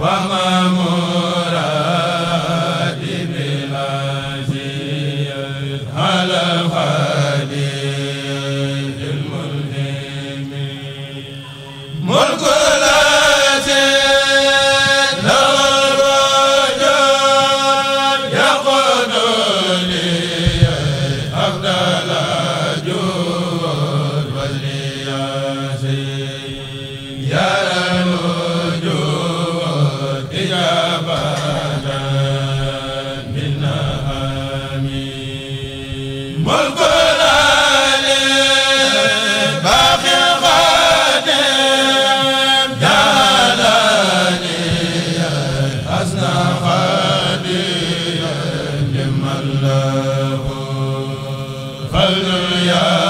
wa ma الله فليا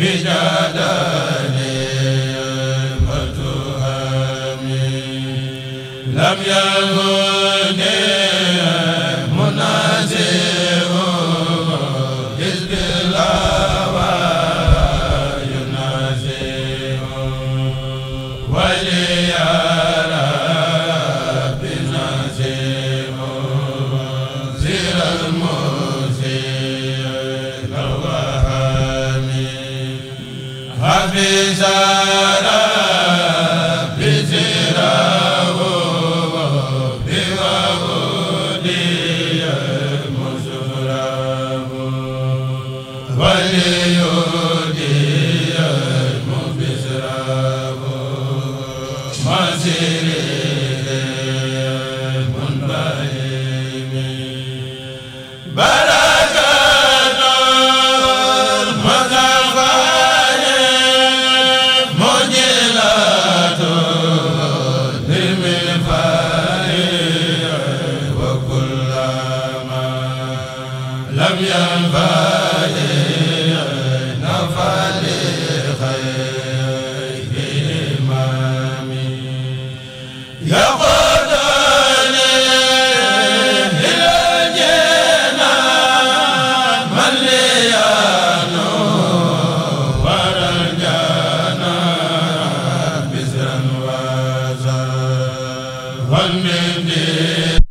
bijadani jere wal mende